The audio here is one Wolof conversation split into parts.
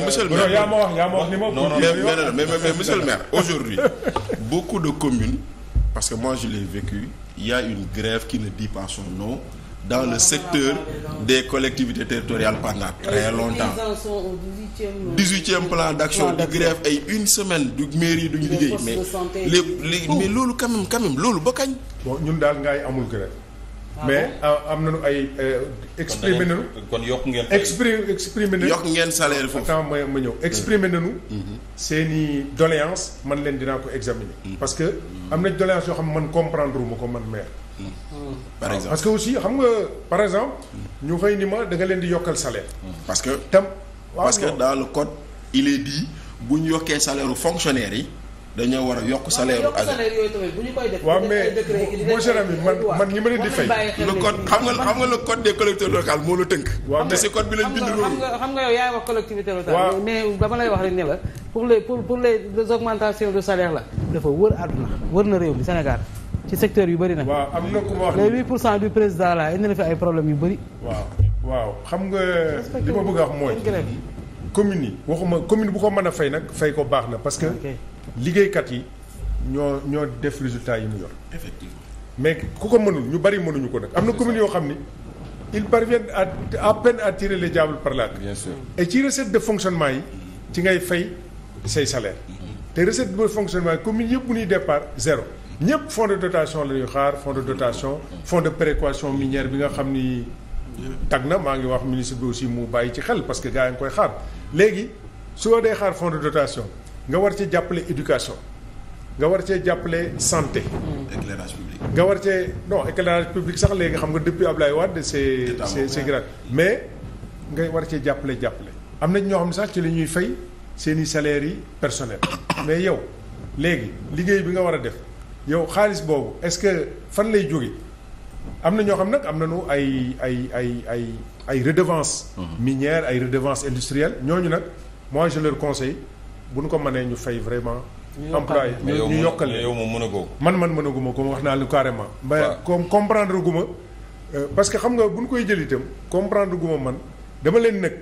mais monsieur ma wax yaa ma wax ni ma. non non mais mais monsieur le aujourd'hui beaucoup de communes parce que moi je l'ai vécu il y une grève qui ne dit pas son dans le secteur des collectivités territoriales pendant très longtemps euh, dix-huitième plan d'action di grève ay une semaine du mairie duñu liggéey mais les mais loolu quand même loolu ba kañ. amul grève. Ah mais euh, am nañu ay. Euh, exprimer nañu kon yokk ngeen. exprimer exprimer nañu yokk ngeen salaire foofu. attends ma ma ñëw exprimer nañu. Mm-hmm. seen i doléance man leen dinaa ko examiner. Mm-hmm. parce que am na doléance yoo xam ne man comprendre ma ko man maire. Mm-hmm. par ah. exemple parce que aussi xam nga par exemple. ñu fay ni ma da nga leen di yokkal salaire. parce que tam. parce que dans le code il est dit bu ñu yokkee salaire fonctionnaire yi. dañoo war a yokk salaire yu agent waaw mais mon cher ami man man ma leen di fay. le code xam nga xam nga le code des collectivités locales moo la tënk. waaw te si code bi lañ bind loolu. xam nga yow wax collectivité mais dama lay wax rek ne la pour les pour pour les augmentations de salaire la. dafa wër àdduna wër na réew mi Sénégal ci secteur yu bëri nag. waaw am na ku ma wax. les 8 pour cent du président là indi fi ay problèmes yu bëri. waaw waaw xam nga. li ma bëgg a wax mooy commune yi waxuma commune bu ko mën a fay nag fay ko baax na parce que liggéeykat yi ñoo ñoo def résultat yi mu yor. effectivement mais ku ko mënul ñu bari mënuñu ko nag. am na communes yoo xam ni ils parviennent à à peine à tirer les diables par la queue. bien sûr et ci recette de fonctionnement yi ci ngay fay say salaire mm-hmm. te recette de fonctionnement yi communes yëpp bu ñuy départ zéro. ñëpp fonds de dotation la ñuy xaar fonds de dotation fonds de péréquation minière bi nga xam ni tag na maa ngi wax ministre bi aussi mu bàyyi ci xel parce que gars yi nga koy xaar léegi su dee xaar fonds de dotation nga war cee jàppale éducation nga war cee jàppale santé. Mm. éclairage nga war cee non éclairage public sax léegi xam nga depuis Ablaye Wade c'est c'est c'est grave mais nga war cee jàppale jàppale. am nañ ñoo xam ne sax ci li ñuy fay seen i yi personnel mais yow léegi liggéey bi nga war a def yow xaalis boobu est-ce que fan lay jóge am na ñoo xam nag am nañu ay ay ay ay ay redevance mm-hmm. minière ay redevance industrielle ñooñu nag mois je leur conseille. bu ñu ko mënee ñu fay vraiment. employé ñu yokkal yow moom mën a ko man man mën a guma ko wax naa lu carrément. waaw comme gu ma euh, parce que xam nga bu ñu koy jël itam comprendre ma man dama leen nag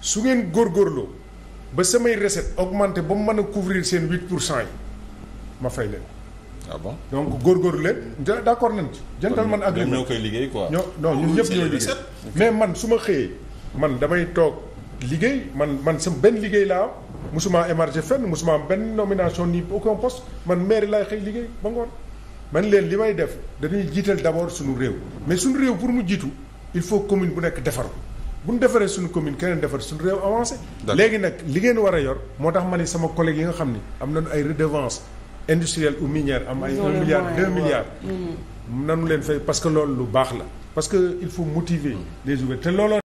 su ngeen góor góorloo ba samay recette augmenté ba mu mën a couvrir seen 8 pour cent yi ma fay leen. ah bon donc góorgóorlu leen. d' accord nañ ci. gentleman agreement ñoo koy liggéey quoi. ñoo non ñëpp ñooy liggéey mais man su ma xëyee man damay toog liggéey man man sama benn liggéey laa musuma émarger fenn musuma am benn nomination ni aucun poste man maire laay xëy liggéey ba ngoon man leen li may def dañuy jiital d'abord suñu réew mais suñu réew pour mu jiitu il faut commune bu nekk defar bu ñu defaree suñu commune keneen defar suñu réew avancé léegi nag li ngeen war a yor moo tax ma ne sama collègue yi nga xam ni am nañu ay redevance industrielle ou minière am ay un milliard deux milliards mm-hmm. nanu leen fey parce que loolu lu baax la parce que il faut motiver mm. les ouvriers te